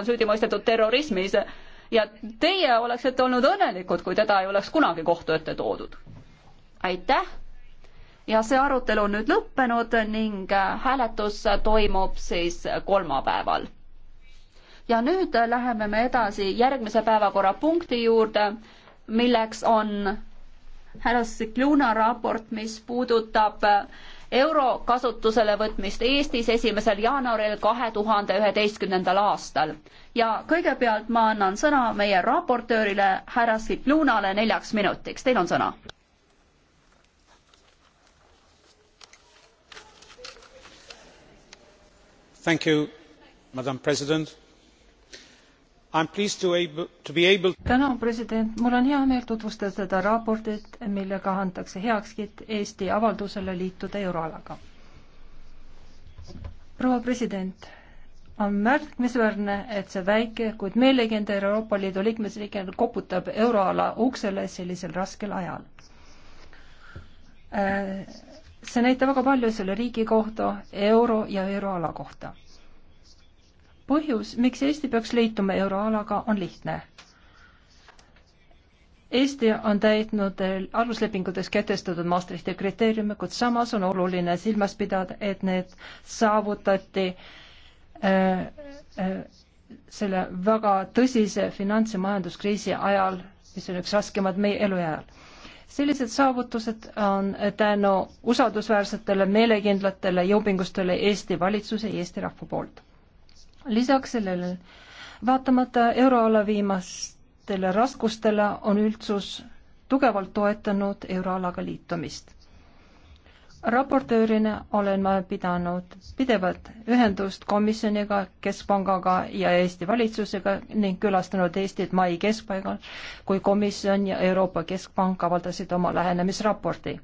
on süüdi mõistetud terrorismis ja teie oleksite olnud õnnelikud, kui teda ei oleks kunagi kohtu ette toodud. aitäh! ja see arutelu on nüüd lõppenud ning äh, hääletus toimub siis kolmapäeval. ja nüüd läheme me edasi järgmise päevakorrapunkti juurde, milleks on härra Sikluna raport, mis puudutab äh, euro kasutusele võtmist Eestis esimesel jaanuaril kahe tuhande üheteistkümnendal aastal. ja kõigepealt ma annan sõna meie raportöörile härra Svitlunale neljaks minutiks, teil on sõna. Thank you, Madam President Able... tänan, president, mul on hea meel tutvustada seda raportit, millega antakse heakskiit Eesti avaldusele liituda euroalaga. proua president, on märkimisväärne, et see väike, kuid meelekindel Euroopa Liidu liikmesriik koputab euroala uksele sellisel raskel ajal. Äh, see näitab väga palju selle riigi kohta, euro ja euroala kohta põhjus, miks Eesti peaks liituma euroalaga, on lihtne. Eesti on täitnud aluslepingutes kätestatud Maastrichti kriteeriume, kuid samas on oluline silmas pidada, et need saavutati äh, äh, selle väga tõsise finants- ja majanduskriisi ajal, mis on üks raskemad meie eluajal. sellised saavutused on tänu usaldusväärsetele, meelekindlatele jõupingustele Eesti valitsuse ja Eesti rahva poolt lisaks sellele, vaatamata euroala viimastele raskustele, on üldsus tugevalt toetanud euroalaga liitumist. raportöörina olen ma pidanud pidevat ühendust komisjoniga, Keskpangaga ja Eesti valitsusega ning külastanud Eestit mai keskpaigal, kui komisjon ja Euroopa Keskpank avaldasid oma lähenemisraporti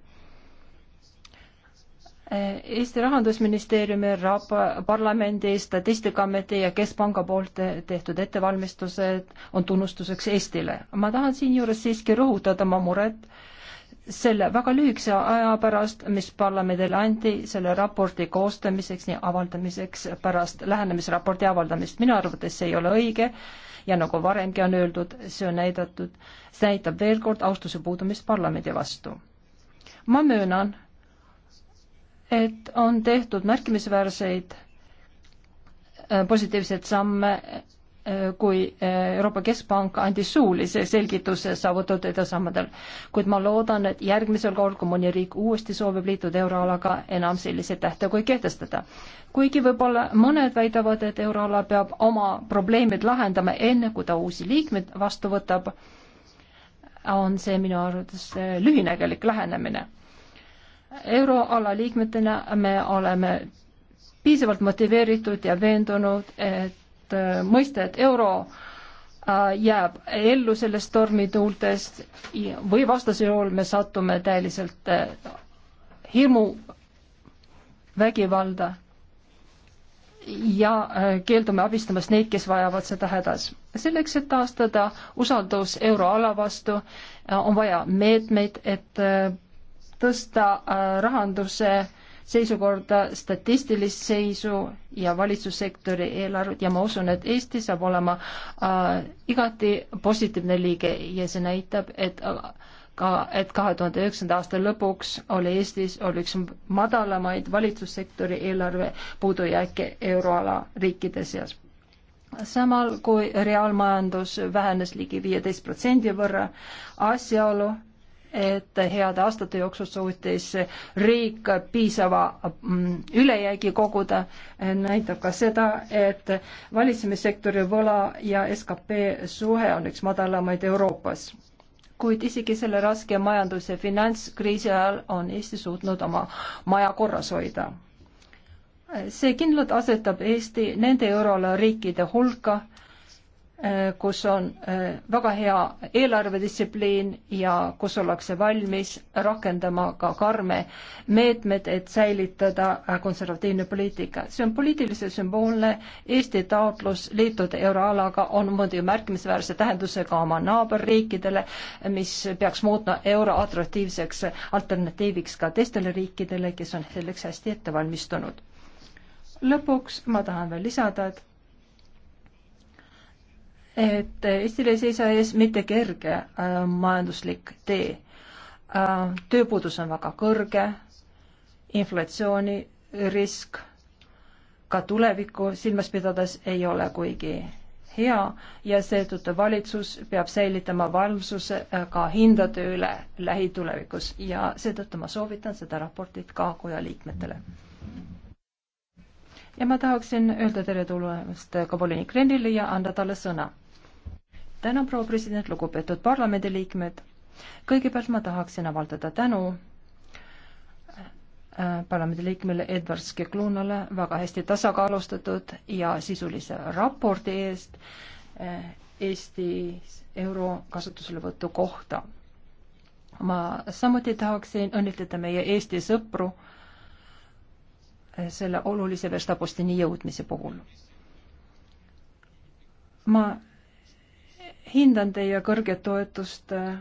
Eesti Rahandusministeeriumi rapa-, parlamendi, Statistikaameti ja Keskpanga poolt tehtud ettevalmistused on tunnustuseks Eestile. ma tahan siinjuures siiski rõhutada oma muret selle väga lühikese aja pärast, mis parlamendile anti selle raporti koostamiseks ja avaldamiseks pärast lähenemisraporti avaldamist. minu arvates see ei ole õige ja nagu varemgi on öeldud, see on näidatud, see näitab veel kord austuse puudumist parlamendi vastu. ma möönan, et on tehtud märkimisväärseid äh, positiivseid samme, äh, kui äh, Euroopa Keskpank andis suulise selgituse saavutatud edusammadel. kuid ma loodan, et järgmisel korral, kui mõni riik uuesti soovib liituda euroalaga, enam selliseid tähtaegu ei kehtestata. kuigi võib-olla mõned väidavad, et euroala peab oma probleemid lahendama enne, kui ta uusi liikmeid vastu võtab, on see minu arvates lühinägelik lähenemine euroala liikmetena me oleme piisavalt motiveeritud ja veendunud, et äh, mõiste, et euro äh, jääb ellu sellest tormituultest või vastasel juhul me satume täieliselt äh, hirmu, vägivalda ja keeldume abistamast neid, kes vajavad seda hädas. selleks, et taastada usaldus euroala vastu, on vaja meetmeid, et tõsta äh, rahanduse seisukorda, statistilist seisu ja valitsussektori eelarvet ja ma usun, et Eesti saab olema äh, igati positiivne liige ja see näitab, et äh, ka, et kahe tuhande üheksanda aasta lõpuks oli Eestis, oli üks madalamaid valitsussektori eelarve puudujääke euroala riikide seas. samal kui reaalmajandus vähenes ligi viieteist protsendi võrra, asjaolu, et heade aastate jooksul suutis riik piisava mm, ülejäägi koguda, näitab ka seda, et valitsemissektori võla ja skp suhe on üks madalamaid Euroopas. kuid isegi selle raske majandus- ja finantskriisi ajal on Eesti suutnud oma maja korras hoida. see kindlalt asetab Eesti nende euroala riikide hulka, Äh, kus on äh, väga hea eelarvedistsipliin ja kus ollakse valmis rakendama ka karme meetmed, et säilitada äh, konservatiivne poliitika. see on poliitilise sümboolne, Eesti taotlus liituda euroalaga on muidugi märkimisväärse tähendusega oma naaberriikidele, mis peaks muutma euro atraktiivseks alternatiiviks ka teistele riikidele, kes on selleks hästi ette valmistunud. lõpuks ma tahan veel lisada, et et Eestil ei seisa ees mitte kerge äh, majanduslik tee. Äh, tööpuudus on väga kõrge, inflatsioonirisk ka tulevikku silmas pidades ei ole kuigi hea ja seetõttu valitsus peab säilitama valvsuse äh, ka hindade üle lähitulevikus ja seetõttu ma soovitan seda raportit ka koja liikmetele. ja ma tahaksin öelda tere tulemast ka volinik Rennile ja anda talle sõna tänan, proua president, lugupeetud parlamendiliikmed. kõigepealt ma tahaksin avaldada tänu äh, parlamendiliikmele Edward Skeklunale väga hästi tasakaalustatud ja sisulise raporti eest äh, Eesti euro kasutuselevõtu kohta. ma samuti tahaksin õnnitleda meie Eesti sõpru äh, selle olulise verstapostini jõudmise puhul. ma hindan teie kõrget toetust äh,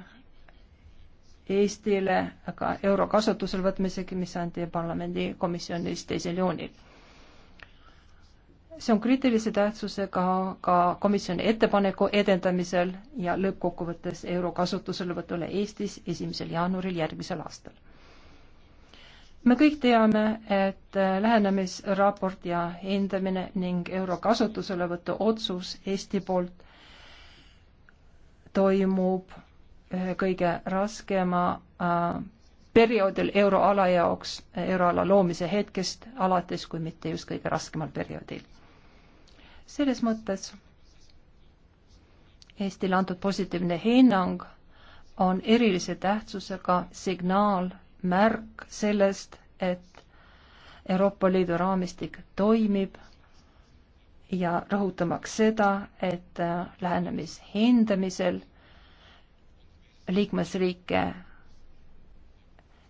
Eestile ka euro kasutusele võtmisegi, mis anti parlamendi komisjonis teisel juunil. see on kriitilise tähtsusega ka, ka komisjoni ettepaneku edendamisel ja lõppkokkuvõttes euro kasutuselevõtule Eestis esimesel jaanuaril järgmisel aastal. me kõik teame, et äh, lähenemisraport ja hindamine ning euro kasutuselevõtu otsus Eesti poolt toimub ühe eh, kõige raskema äh, perioodil euroala jaoks, eh, euroala loomise hetkest alates, kui mitte just kõige raskemal perioodil. selles mõttes Eestile antud positiivne hinnang on erilise tähtsusega signaal, märk sellest, et Euroopa Liidu raamistik toimib ja rõhutamaks seda, et äh, lähenemishindamisel liikmesriike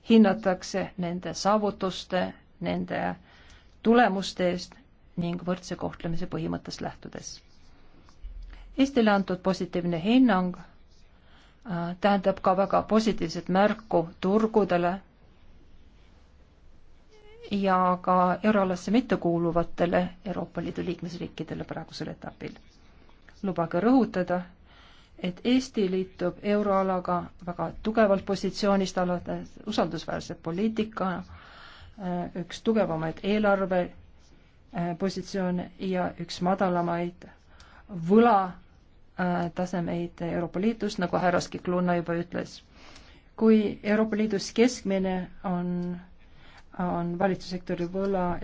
hinnatakse nende saavutuste, nende tulemuste eest ning võrdse kohtlemise põhimõttest lähtudes. Eestile antud positiivne hinnang äh, tähendab ka väga positiivset märku turgudele ja ka euroalasse mittekuuluvatele Euroopa Liidu liikmesriikidele praegusel etapil. lubage rõhutada, et Eesti liitub euroalaga väga tugevalt positsioonist alates usaldusväärse poliitika, äh, üks tugevamaid eelarvepositsioone äh, ja üks madalamaid võlatasemeid äh, Euroopa Liidus, nagu härra Skikluna juba ütles. kui Euroopa Liidus keskmine on on valitsussektori võla äh,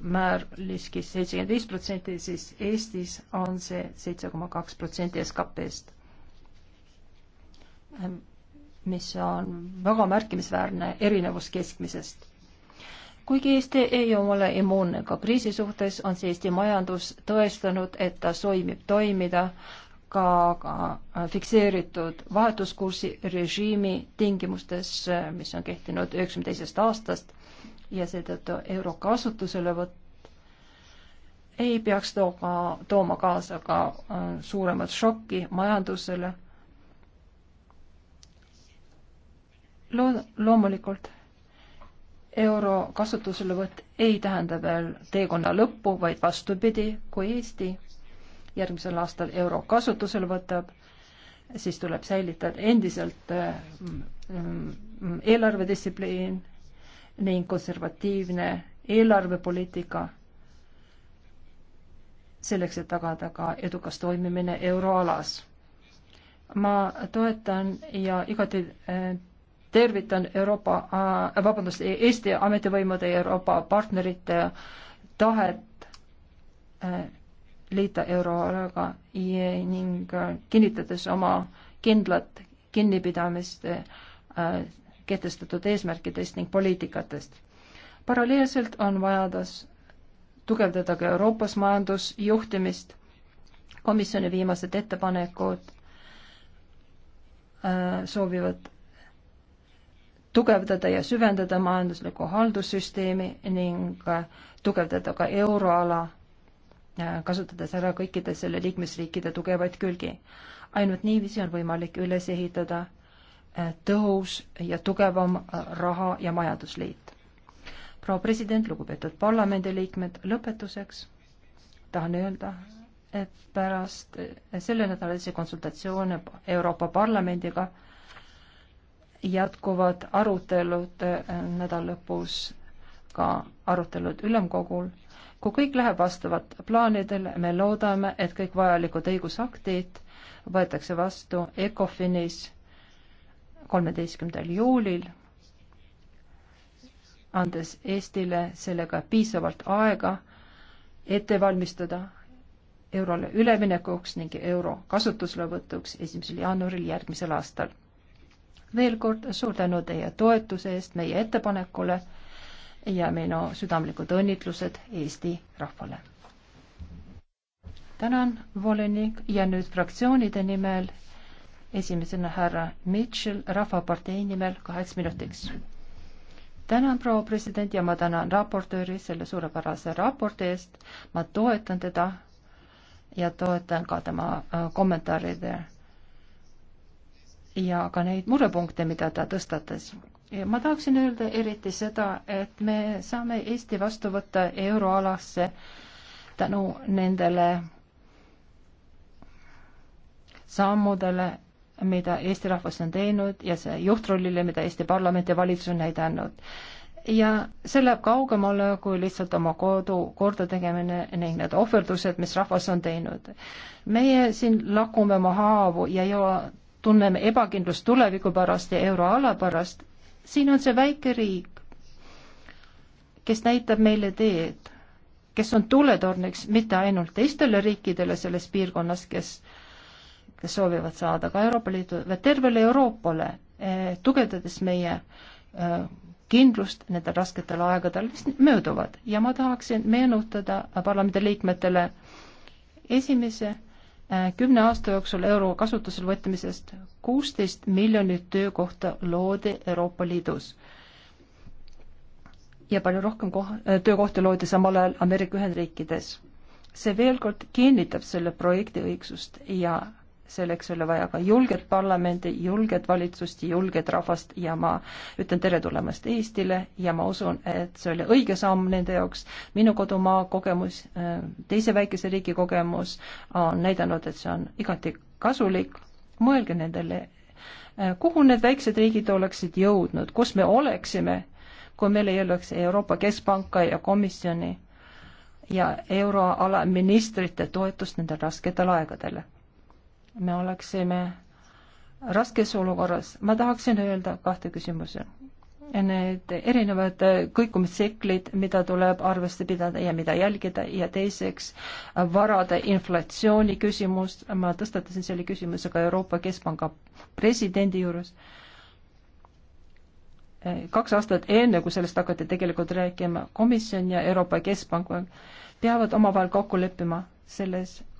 määr liskis seitsekümmend viis protsenti, siis Eestis on see seitse koma kaks protsenti SKP-st, SKP ähm, mis on väga märkimisväärne erinevus keskmisest. kuigi Eesti ei ole immuunne ka kriisi suhtes, on see Eesti majandus tõestanud, et ta toimib toimida ka, ka fikseeritud vahetuskursi režiimi tingimustes, mis on kehtinud üheksakümne teisest aastast ja seetõttu euro kasutuselevõtt ei peaks tooma, tooma kaasa ka äh, suuremat šokki majandusele Lo. loomulikult euro kasutuselevõtt ei tähenda veel teekonna lõppu, vaid vastupidi, kui Eesti järgmisel aastal euro kasutusele võtab, siis tuleb säilitada endiselt äh, eelarvedistsipliin ning konservatiivne eelarvepoliitika selleks, et tagada ka edukas toimimine euroalas. ma toetan ja igati äh, tervitan Euroopa, äh, vabandust, Eesti ametivõimude ja Euroopa partnerite tahet liita euroalaga ning äh, kinnitades oma kindlat kinnipidamist äh, kehtestatud eesmärkidest ning poliitikatest. paralleelselt on vajadus tugevdada ka Euroopas majandusjuhtimist, komisjoni viimased ettepanekud äh, soovivad tugevdada ja süvendada majanduslikku haldussüsteemi ning tugevdada ka euroala Äh, kasutades ära kõikide selle liikmesriikide tugevaid külgi. ainult niiviisi on võimalik üles ehitada äh, tõhus ja tugevam äh, raha- ja majandusliit. proua president, lugupeetud parlamendiliikmed, lõpetuseks tahan öelda, et pärast sellenädalasi konsultatsioone Euroopa Parlamendiga jätkuvad arutelud nädala lõpus ka arutelud ülemkogul kui kõik läheb vastavalt plaanidele, me loodame, et kõik vajalikud õigusaktid võetakse vastu ECOFINis kolmeteistkümnendal juulil, andes Eestile sellega piisavalt aega ette valmistada eurole üleminekuks ning euro kasutuslevõtuks esimesel jaanuaril järgmisel aastal. veel kord suur tänu teie toetuse eest meie ettepanekule ja minu südamlikud õnnitlused Eesti rahvale. tänan, volinik, ja nüüd fraktsioonide nimel esimesena härra Mitchell Rahvapartei nimel kaheks minutiks. tänan, proua president, ja ma tänan raportööri selle suurepärase raporti eest. ma toetan teda ja toetan ka tema äh, kommentaaride ja ka neid murepunkte, mida ta tõstatas ja ma tahaksin öelda eriti seda, et me saame Eesti vastu võtta euroalasse tänu nendele sammudele, mida Eesti rahvas on teinud ja see juhtrollile, mida Eesti parlament ja valitsus on näidanud. ja see läheb kaugemale kui lihtsalt oma kodu korda tegemine ning need ohverdused, mis rahvas on teinud. meie siin lakume oma haavu ja ei ole tunneme ebakindlust tuleviku pärast ja euroala pärast siin on see väike riik, kes näitab meile teed, kes on tuletorniks mitte ainult teistele riikidele selles piirkonnas, kes, kes soovivad saada ka Euroopa Liidu, vaid tervele Euroopale eh,, tugevdades meie eh, kindlust nendel rasketel aegadel, mis mööduvad ja ma tahaksin meenutada parlamendi liikmetele esimese kümne aasta jooksul euro kasutusele võtmisest kuusteist miljonit töökohta loodi Euroopa Liidus. ja palju rohkem koh-, töökohti loodi samal ajal Ameerika Ühendriikides. see veel kord kinnitab selle projekti õigsust ja selleks ei ole vaja ka julget parlamendi, julget valitsust, julget rahvast ja ma ütlen tere tulemast Eestile ja ma usun, et see oli õige samm nende jaoks. minu kodumaa kogemus, äh, teise väikese riigi kogemus on näidanud, et see on igati kasulik. mõelge nendele, äh, kuhu need väiksed riigid oleksid jõudnud, kus me oleksime, kui meil ei oleks Euroopa Keskpanka ja komisjoni ja euroala ministrite toetust nendel rasketel aegadel me oleksime raskes olukorras. ma tahaksin öelda kahte küsimuse. Need erinevad kõikumistsiklid, mida tuleb arvesse pidada ja mida jälgida ja teiseks varade inflatsiooni küsimus, ma tõstatasin selle küsimuse ka Euroopa Keskpanga presidendi juures kaks aastat enne, kui sellest hakati tegelikult rääkima, komisjon ja Euroopa Keskpank peavad omavahel kokku leppima selles,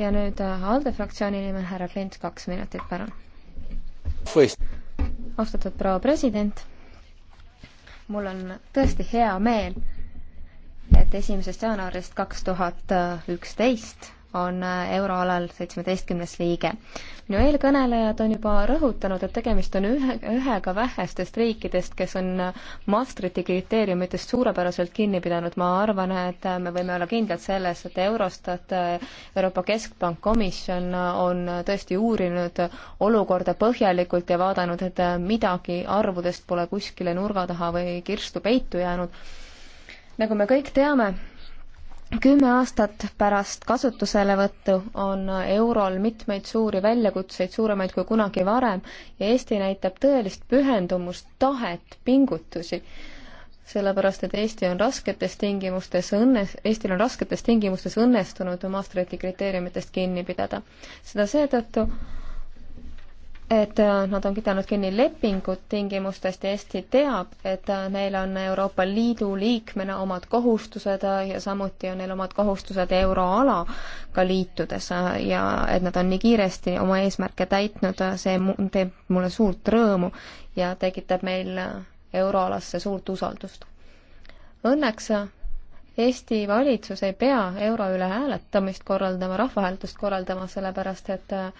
ja nüüd äh, ALDE fraktsiooni nimel härra Klint, kaks minutit, palun. austatud proua president, mul on tõesti hea meel, et esimesest jaanuarist kaks tuhat äh, üksteist on äh, euroalal seitsmeteistkümnes liige. minu eelkõnelejad on juba rõhutanud, et tegemist on ühe, ühega vähestest riikidest, kes on äh, Maastrichti kriteeriumitest suurepäraselt kinni pidanud. ma arvan, et äh, me võime olla kindlad selles, et Eurostat, Euroopa Keskpank, komisjon on tõesti uurinud olukorda põhjalikult ja vaadanud, et midagi arvudest pole kuskile nurga taha või kirstu peitu jäänud. nagu me kõik teame, kümme aastat pärast kasutuselevõttu on eurol mitmeid suuri väljakutseid, suuremaid kui kunagi varem, ja Eesti näitab tõelist pühendumust, tahet, pingutusi sellepärast, et Eesti on rasketes tingimustes õnne, Eestil on rasketes tingimustes õnnestunud Maastrichti kriteeriumitest kinni pidada. seda seetõttu, et äh, nad on pidanud kinni lepingut tingimustest ja Eesti teab, et äh, neil on Euroopa Liidu liikmena omad kohustused äh, ja samuti on neil omad kohustused euroalaga liitudes ja et nad on nii kiiresti oma eesmärke täitnud, see teeb mulle suurt rõõmu ja tekitab meil euroalasse suurt usaldust. Õnneks Eesti valitsus ei pea euro üle hääletamist korraldama, rahvahääletust korraldama, sellepärast et äh,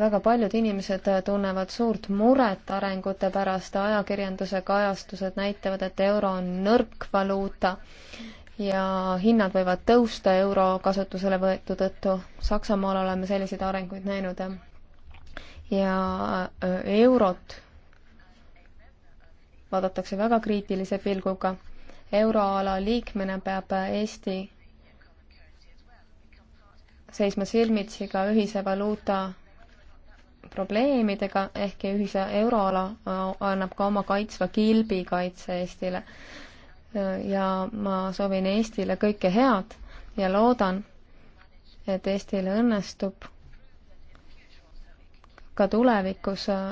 väga paljud inimesed äh, tunnevad suurt muret arengute pärast, ajakirjanduse kajastused näitavad, et euro on nõrk valuuta ja hinnad võivad tõusta euro kasutusele võetu tõttu. Saksamaal oleme selliseid arenguid näinud ja äh, eurot vaadatakse väga kriitilise pilguga. euroala liikmena peab äh, Eesti seisma silmitsi ka ühise valuuta probleemidega, ehkki ühise euroala äh, annab ka oma kaitsva kilbi kaitse Eestile. Äh, ja ma soovin Eestile kõike head ja loodan, et Eestil õnnestub ka tulevikus äh,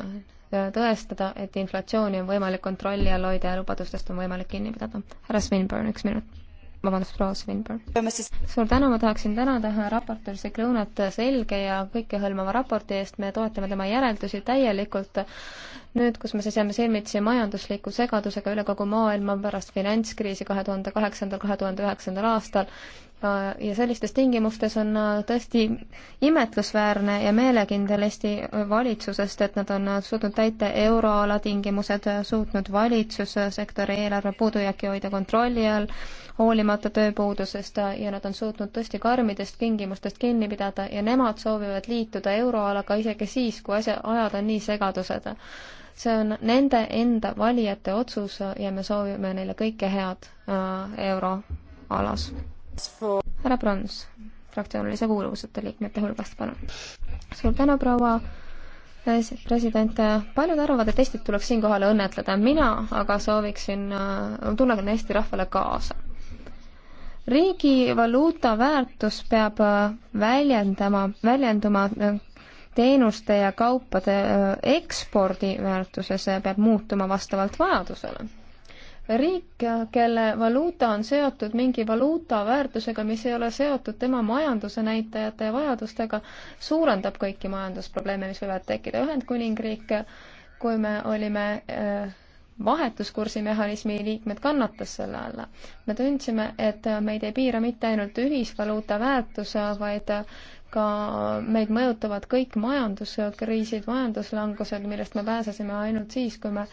tõestada, et inflatsiooni on võimalik kontrolli all hoida ja lubadustest on võimalik kinni pidada. härra Svinburn, üks minut vabandust, proua Svinburn. suur tänu, ma tahaksin tänada raportöör Siklõunat selge ja kõikehõlmava raporti eest, me toetame tema järeldusi täielikult. nüüd, kus me seisame silmitsi majandusliku segadusega üle kogu maailma pärast finantskriisi kahe tuhande kaheksandal, kahe tuhande üheksandal aastal ja sellistes tingimustes on äh, tõesti imetlusväärne ja meelekindel Eesti äh, valitsusest, et nad on äh, suutnud täita euroala tingimused, suutnud valitsussektori eelarve puudujääki hoida kontrolli all, hoolimata tööpuudusest ja nad on suutnud tõesti karmidest tingimustest kinni pidada ja nemad soovivad liituda euroalaga isegi siis, kui asja, ajad on nii segadused. see on nende enda valijate otsus ja me soovime neile kõike head euroalas härra Prons, fraktsioonilise kuuluvuseta liikmete hulgast, palun. suur tänu, proua president, paljud arvavad, et Eestit tuleks siinkohal õnnetleda, mina aga sooviksin, äh, tunnen Eesti rahvale kaasa. riigi valuuta väärtus peab äh, väljendama, väljenduma äh, teenuste ja kaupade ekspordi väärtuses peab muutuma vastavalt vajadusele riik, kelle valuuta on seotud mingi valuuta väärtusega, mis ei ole seotud tema majanduse näitajate ja vajadustega, suurendab kõiki majandusprobleeme, mis võivad tekkida. Ühendkuningriik, kui me olime äh, vahetuskursi mehhanismi liikmed kannatas selle alla. me tundsime, et meid ei piira mitte ainult ühisvaluuta väärtus, vaid ka meid mõjutavad kõik majanduskriisid, majanduslangused, millest me pääsesime ainult siis, kui me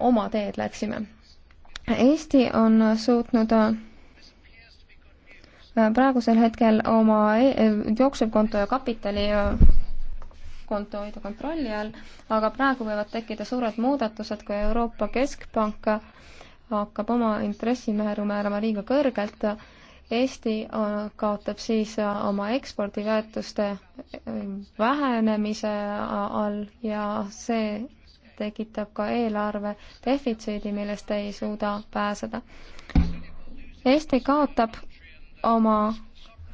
oma teed läksime. Eesti on suutnud praegusel hetkel oma e, e, jooksevkonto ja kapitali konto hoida kontrolli all, aga praegu võivad tekkida suured muudatused, kui Euroopa Keskpank hakkab oma intressimääru määrama liiga kõrgelt. Eesti on, kaotab siis oma ekspordiväärtuste vähenemise all ja see tekitab ka eelarve defitsiidi, millest ei suuda pääseda. Eesti kaotab oma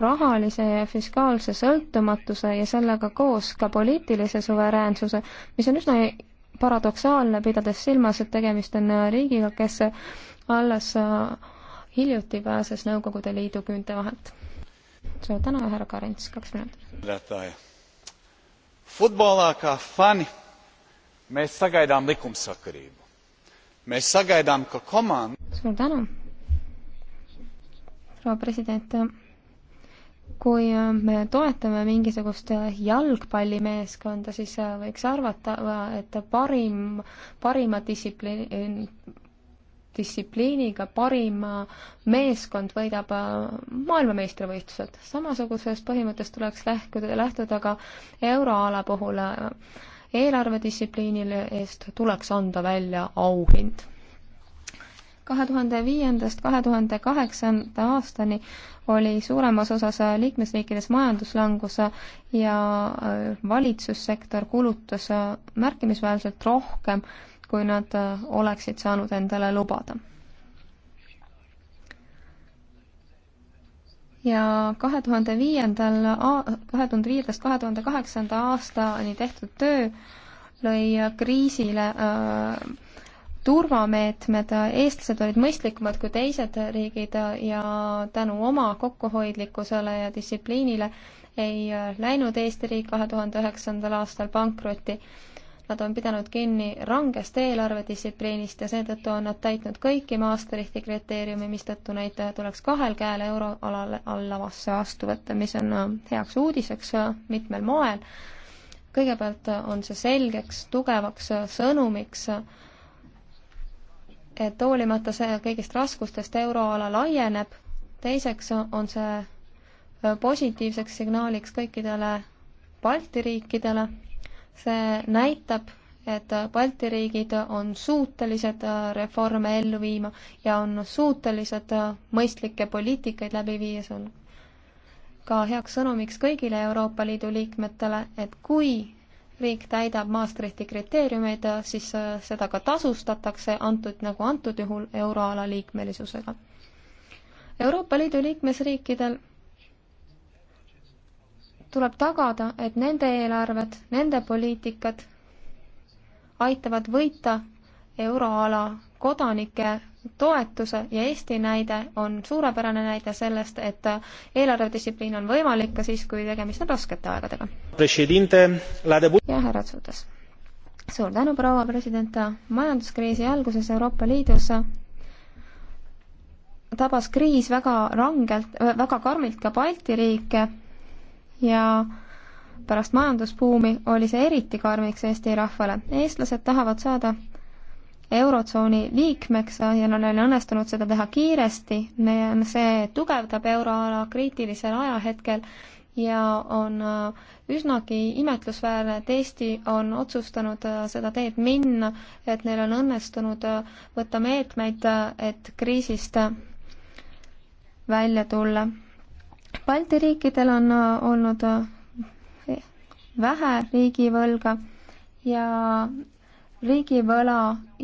rahalise ja fiskaalse sõltumatuse ja sellega koos ka poliitilise suveräänsuse, mis on üsna paradoksaalne, pidades silmas, et tegemist on riigiga, kes alles äh, hiljuti pääses Nõukogude Liidu küünte vahelt. suur tänu ja härra Karins, kaks minutit. futbolā kā fani mēs sagaidām likumsakarību. Mēs sagaidām, ka komanda. Suur tänu, proua president. kui me toetame mingisugust jalgpallimeeskonda, siis äh, võiks arvata, äh, et parim, parima distsipliini distsipliiniga parim äh, meeskond võidab maailmameistrivõistlused. samasugusest põhimõttest tuleks lähtuda, lähtuda ka euroala puhul eelarvedistsipliinile eest tuleks anda välja auhind. kahe tuhande viiendast kahe tuhande kaheksanda aastani oli suuremas osas liikmesriikides majanduslangus ja äh, valitsussektor kulutas äh, märkimisväärselt rohkem, kui nad äh, oleksid saanud endale lubada ja kahe tuhande viiendal, kahe tuhande viiendast kahe tuhande kaheksanda aastani tehtud töö lõi kriisile äh, turvameetmed, eestlased olid mõistlikumad kui teised riigid ja tänu oma kokkuhoidlikkusele ja distsipliinile ei äh, läinud Eesti riik kahe tuhande üheksandal aastal pankrotti Nad on pidanud kinni rangest eelarvedistsipliinist ja seetõttu on nad täitnud kõiki Maastrichti kriteeriumi, mistõttu neid tuleks kahel käel euroalale allavasse vastu võtta, mis on äh, heaks uudiseks äh, mitmel moel. kõigepealt äh, on see selgeks tugevaks sõnumiks, et hoolimata see kõigist raskustest euroala laieneb, teiseks on see positiivseks signaaliks kõikidele Balti riikidele see näitab, et Balti riigid on suutelised reforme ellu viima ja on suutelised mõistlikke poliitikaid läbi viies on ka heaks sõnumiks kõigile Euroopa Liidu liikmetele, et kui riik täidab Maastrichti kriteeriumeid, siis seda ka tasustatakse, antud nagu antud juhul euroala liikmelisusega. Euroopa Liidu liikmesriikidel tuleb tagada, et nende eelarved, nende poliitikad aitavad võita euroala kodanike toetuse ja Eesti näide on suurepärane näide sellest, et eelarvedistsipliin on võimalik ka siis, kui tegemist on raskete aegadega. ja härra Tsutas. suur tänu, proua president, majanduskriisi alguses Euroopa Liidus tabas kriis väga rangelt, väga karmilt ka Balti riike ja pärast majandusbuumi oli see eriti karmiks Eesti rahvale. eestlased tahavad saada Eurotsooni liikmeks ja neil on õnnestunud seda teha kiiresti, see tugevdab euroala kriitilisel ajahetkel ja on äh, üsnagi imetlusväärne, et Eesti on otsustanud äh, seda teed minna, et neil on õnnestunud äh, võtta meetmeid, et kriisist välja tulla Balti riikidel on äh, olnud äh, vähe riigivõlga ja riigivõla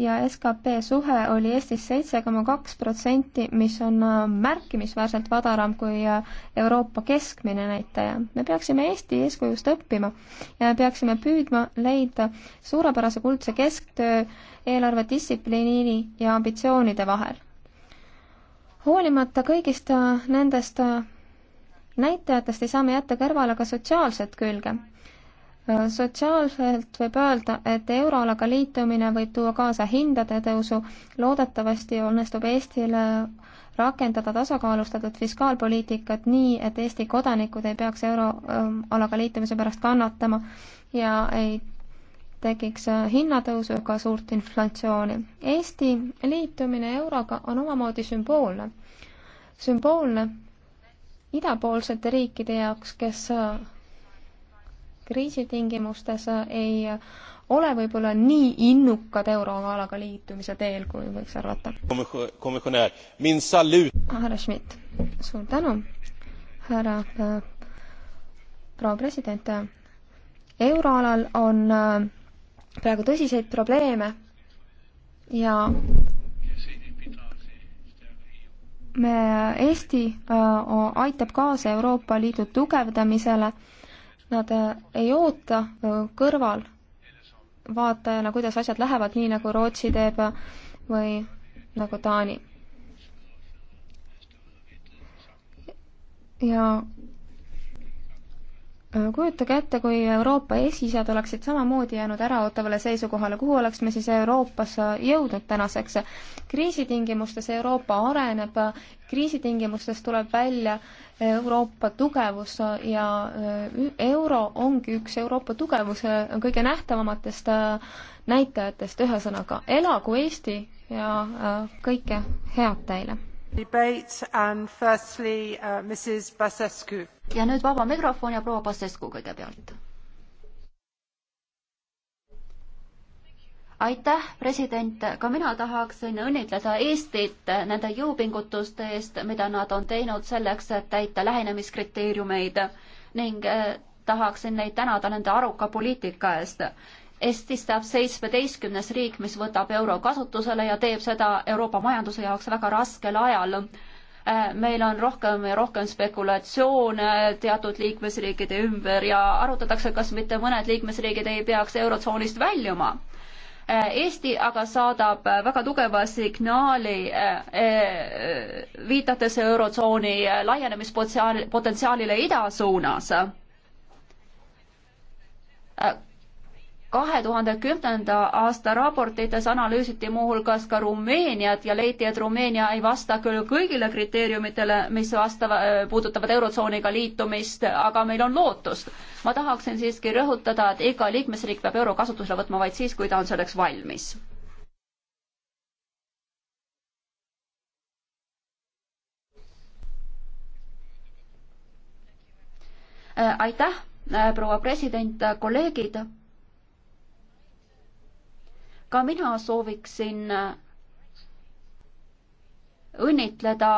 ja skp suhe oli Eestis seitse koma kaks protsenti, mis on äh, märkimisväärselt madalam kui Euroopa keskmine näitaja. me peaksime Eesti eeskujust õppima ja me peaksime püüdma leida suurepärase kuldse kesktöö eelarvedistsipliini ja ambitsioonide vahel. hoolimata kõigist nendest näitajatest ei saa me jätta kõrvale ka sotsiaalset külge. sotsiaalselt võib öelda, et euroalaga liitumine võib tuua kaasa hindade tõusu, loodetavasti õnnestub Eestil rakendada tasakaalustatud fiskaalpoliitikat nii, et Eesti kodanikud ei peaks euroalaga liitumise pärast kannatama ja ei tekiks hinnatõusu ega suurt inflatsiooni. Eesti liitumine euroga on omamoodi sümboolne. sümboolne idapoolsete riikide jaoks, kes äh, kriisitingimustes äh, ei äh, ole võib-olla nii innukad euroalaga liitumise teel, kui võiks arvata. härra Schmidt, suur tänu, härra proua president. euroalal on praegu tõsiseid probleeme ja me, Eesti äh, aitab kaasa Euroopa Liidu tugevdamisele, nad äh, ei oota äh, kõrval vaatajana, kuidas asjad lähevad, nii nagu Rootsi teeb või nagu Taani. ja Äh, kujutage ette, kui Euroopa esiisad oleksid samamoodi jäänud äraootavale seisukohale, kuhu oleks me siis Euroopas äh, jõudnud tänaseks? kriisitingimustes Euroopa areneb, kriisitingimustes tuleb välja Euroopa tugevus ja äh, euro ongi üks Euroopa tugevuse kõige nähtavamatest näitajatest, ühesõnaga, elagu Eesti ja kõike head teile! Uh, ja nüüd vaba mikrofon ja proua Basescu kõigepealt. aitäh, president, ka mina tahaksin õnnitleda Eestit nende jõupingutuste eest, mida nad on teinud selleks, et täita lähenemiskriteeriumeid ning eh, tahaksin neid tänada nende aruka poliitika eest. Eestist saab seitsmeteistkümnes riik, mis võtab euro kasutusele ja teeb seda Euroopa majanduse jaoks väga raskel ajal. Äh, meil on rohkem ja rohkem spekulatsioone teatud liikmesriikide ümber ja arutatakse, kas mitte mõned liikmesriigid ei peaks eurotsoonist väljuma. Äh, Eesti aga saadab väga tugeva signaali, äh, viidates eurotsooni laienemispotentsiaalile ida suunas kahe tuhande kümnenda aasta raportites analüüsiti muuhulgas ka Rumeeniat ja leiti, et Rumeenia ei vasta küll kõigile kriteeriumitele, mis vastava, äh, puudutavad Eurotsooniga liitumist, aga meil on lootust. ma tahaksin siiski rõhutada, et iga liikmesriik peab euro kasutusele võtma vaid siis, kui ta on selleks valmis. Äh, aitäh, äh, proua president, kolleegid ka mina sooviksin äh, õnnitleda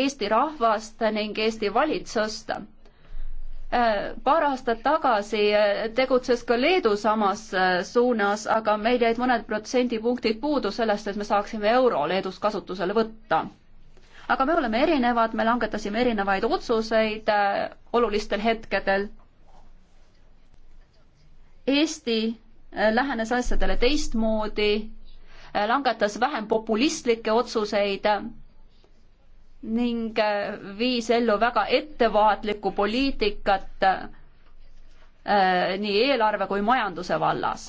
Eesti rahvast ning Eesti valitsust. Äh, paar aastat tagasi äh, tegutses ka Leedu samas suunas, aga meil jäid mõned protsendipunktid puudu sellest, et me saaksime euro Leedus kasutusele võtta. aga me oleme erinevad, me langetasime erinevaid otsuseid olulistel hetkedel. Eesti Äh, lähenes asjadele teistmoodi, äh, langetas vähem populistlikke otsuseid ning äh, viis ellu väga ettevaatlikku poliitikat nii eelarve kui majanduse vallas.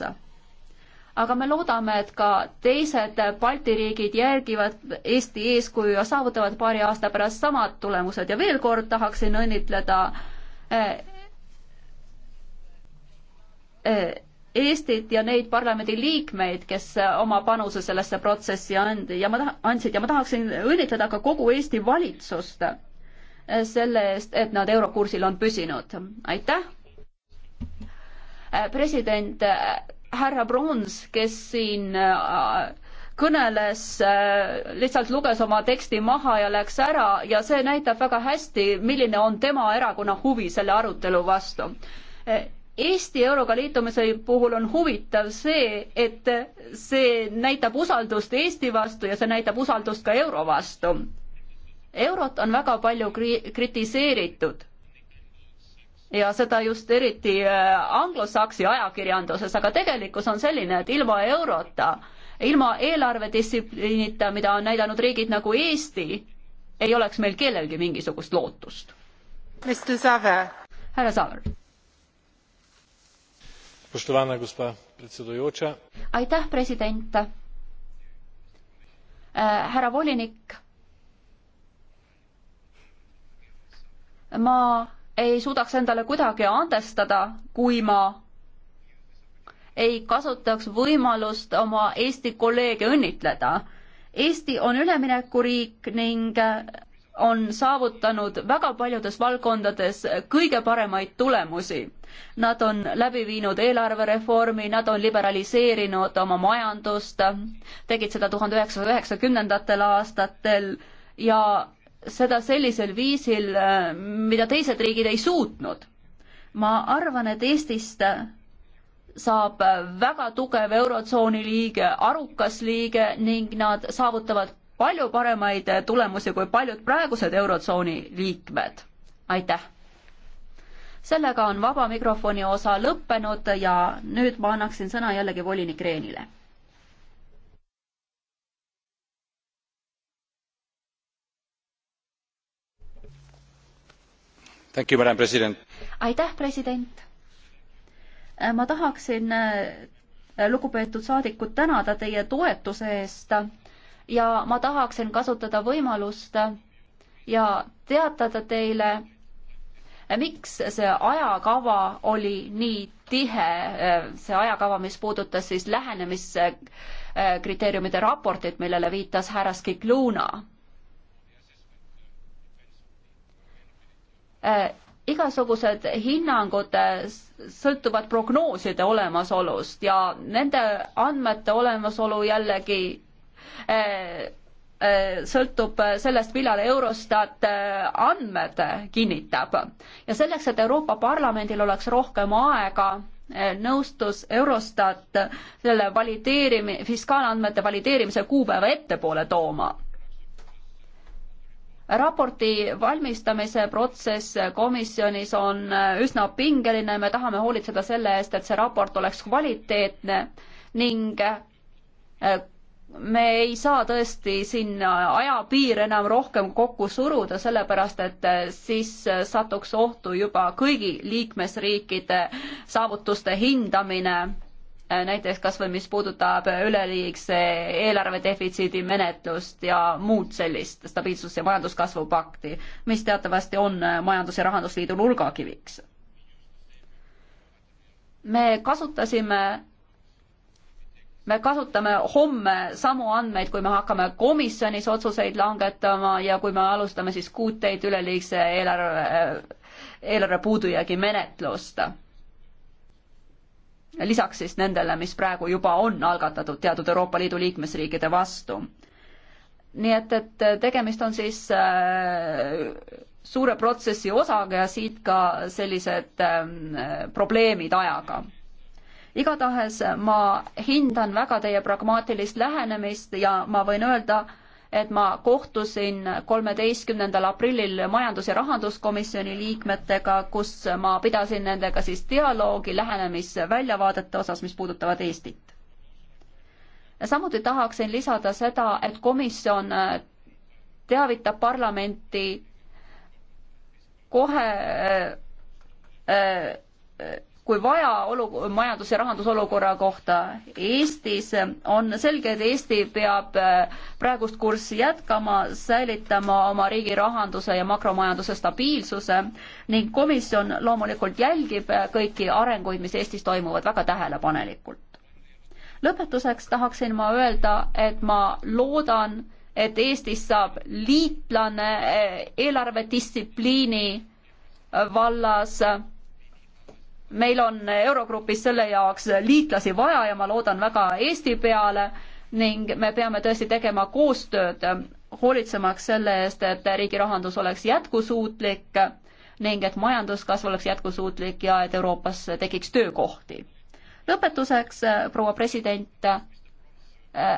aga me loodame, et ka teised Balti riigid järgivad Eesti eeskuju ja saavutavad paari aasta pärast samad tulemused ja veel kord tahaksin õnnitleda eh, eh, Eestit ja neid parlamendi liikmeid, kes oma panuse sellesse protsessi andi ja ma taha, andsid ja ma tahaksin õnnitleda ka kogu Eesti valitsust eh, selle eest, et nad eurokursil on püsinud. aitäh! Eh, president eh, härra Bruns, kes siin kõneles, lihtsalt luges oma teksti maha ja läks ära ja see näitab väga hästi, milline on tema erakonna huvi selle arutelu vastu Eesti Euroga liitumise puhul on huvitav see, et see näitab usaldust Eesti vastu ja see näitab usaldust ka euro vastu. Eurot on väga palju kri-, kritiseeritud ja seda just eriti äh, anglosaksi ajakirjanduses, aga tegelikkus on selline, et ilma eurota, ilma eelarvedistsipliinita, mida on näidanud riigid nagu Eesti, ei oleks meil kellelgi mingisugust lootust. härra Saver aitäh, president äh,! härra volinik, ma ei suudaks endale kuidagi andestada, kui ma ei kasutaks võimalust oma Eesti kolleege õnnitleda. Eesti on üleminekuriik ning eh, on saavutanud väga paljudes valdkondades kõige paremaid tulemusi. Nad on läbi viinud eelarvereformi, nad on liberaliseerinud oma majandust, tegid seda tuhande üheksasaja üheksakümnendatel aastatel ja seda sellisel viisil, mida teised riigid ei suutnud. ma arvan, et Eestist saab väga tugev Eurotsooni liige, arukas liige ning nad saavutavad palju paremaid tulemusi kui paljud praegused Eurotsooni liikmed. aitäh! sellega on vaba mikrofoni osa lõppenud ja nüüd ma annaksin sõna jällegi volinik Rehnile. aitäh, president! ma tahaksin eh, lugupeetud saadikud tänada teie toetuse eest ja ma tahaksin kasutada võimalust ja teatada teile, miks see ajakava oli nii tihe, see ajakava, mis puudutas siis lähenemiskriteeriumide raportit, millele viitas härra Skikluna äh, igasugused hinnangud sõltuvad prognooside olemasolust ja nende andmete olemasolu jällegi Äh, äh, sõltub sellest, millal Eurostat äh, andmed kinnitab. ja selleks, et Euroopa Parlamendil oleks rohkem aega, nõustus Eurostat selle valideerimi-, fiskaalandmete valideerimise kuupäeva ettepoole tooma raporti valmistamise protsess komisjonis on üsna pingeline, me tahame hoolitseda selle eest, et see raport oleks kvaliteetne ning me ei saa tõesti sinna ajapiir enam rohkem kokku suruda, sellepärast et eh, siis satuks ohtu juba kõigi liikmesriikide saavutuste hindamine, eh, näiteks kas või mis puudutab üleliigse eelarve defitsiidi menetlust ja muud sellist stabiilsus- ja majanduskasvu pakti, mis teatavasti on eh, Majandus- ja Rahandusliidu nurgakiviks. me kasutasime me kasutame homme samu andmeid, kui me hakkame komisjonis otsuseid langetama ja kui me alustame siis kuuteid üleliigse eelarve, eelarve puudujäägi menetlust. lisaks siis nendele, mis praegu juba on algatatud teatud Euroopa Liidu liikmesriikide vastu. nii et, et tegemist on siis äh, suure protsessi osaga ja siit ka sellised ähm, probleemid ajaga igatahes ma hindan väga teie pragmaatilist lähenemist ja ma võin öelda, et ma kohtusin kolmeteistkümnendal aprillil majandus- ja rahanduskomisjoni liikmetega, kus ma pidasin nendega siis dialoogi lähenemisväljavaadete osas, mis puudutavad Eestit. samuti tahaksin lisada seda, et komisjon teavitab parlamenti kohe äh, äh, kui vaja olu-, majandus- ja rahandusolukorra kohta Eestis, on selge, et Eesti peab äh, praegust kurssi jätkama, säilitama oma riigi rahanduse ja makromajanduse stabiilsuse ning komisjon loomulikult jälgib äh, kõiki arenguid, mis Eestis toimuvad, väga tähelepanelikult. lõpetuseks tahaksin ma öelda, et ma loodan, et Eestist saab liitlane äh, eelarvedistsipliini vallas meil on Eurogrupis selle jaoks liitlasi vaja ja ma loodan väga Eesti peale ning me peame tõesti tegema koostööd, hoolitsemaks selle eest, et riigi rahandus oleks jätkusuutlik ning et majanduskasv oleks jätkusuutlik ja et Euroopas tekiks töökohti. lõpetuseks, proua president,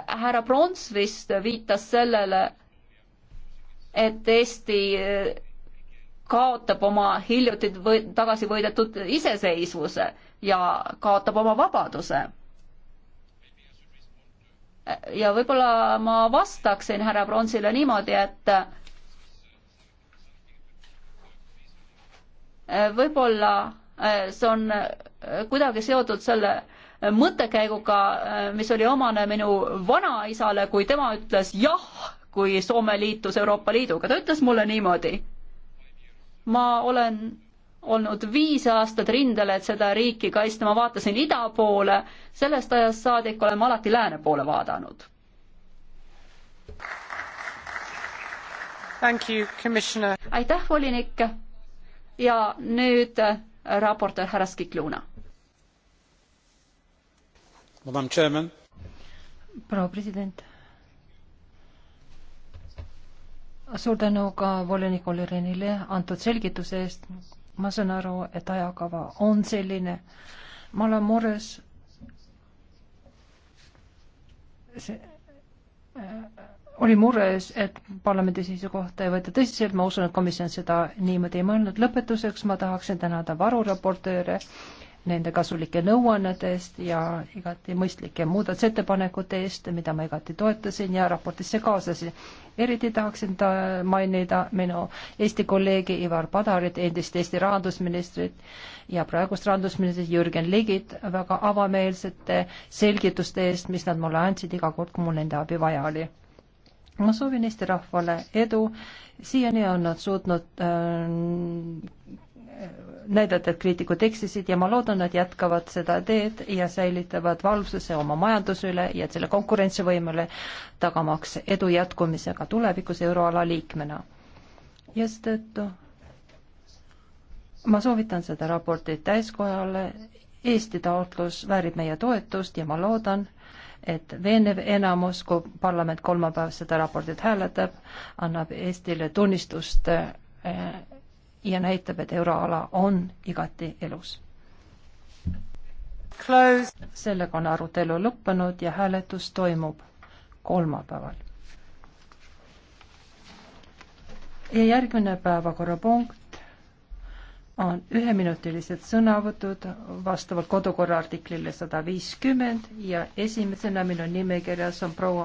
härra Prons vist viitas sellele, et Eesti kaotab oma hiljuti või tagasi võidetud iseseisvuse ja kaotab oma vabaduse. ja võib-olla ma vastaksin härra Bronsile niimoodi, et eh, võib-olla eh, see on eh, kuidagi seotud selle mõttekäiguga, mis oli omane minu vanaisale, kui tema ütles jah, kui Soome liitus Euroopa Liiduga, ta ütles mulle niimoodi ma olen olnud viis aastat rindel, et seda riiki kaitsta, ma vaatasin ida poole, sellest ajast saadik olen ma alati lääne poole vaadanud. aitäh, volinik. ja nüüd äh, raportöör härra Skikluna. proua president suur tänu ka volinik Olerinile antud selgituse eest. ma saan aru, et ajakava on selline. ma olen mures. see äh, oli mures, et parlamendi seisukohta ei võeta tõsiselt, ma usun, et komisjon seda niimoodi ei mõelnud. lõpetuseks ma tahaksin tänada varuraportööre äh, nende kasulike nõuannete eest ja igati mõistlike muudatusettepanekute eest, mida ma igati toetasin ja raportisse kaasasin. eriti tahaksin ta mainida minu Eesti kolleegi Ivar Padarit, endist Eesti rahandusministrit ja praegust rahandusministrit Jürgen Ligit väga avameelsete selgituste eest, mis nad mulle andsid iga kord, kui mul nende abi vaja oli ma soovin Eesti rahvale edu, siiani on nad suutnud äh, näidata, et kriitikud eksisid ja ma loodan, nad jätkavad seda teed ja säilitavad valvsuse oma majanduse üle ja selle konkurentsivõimele, tagamaks edu jätkumise ka tulevikus euroala liikmena. ja seetõttu ma soovitan seda raportit täiskojale, Eesti taotlus väärib meie toetust ja ma loodan, et veenev enamus, kui parlament kolmapäev seda raportit hääletab, annab Eestile tunnistust eh, ja näitab, et euroala on igati elus. sellega on arutelu lõppenud ja hääletus toimub kolmapäeval. ja järgmine päevakorrapunkt on üheminutilised sõnavõtud vastavalt kodukorra artiklile sada viiskümmend ja esimesena minu nimekirjas on proua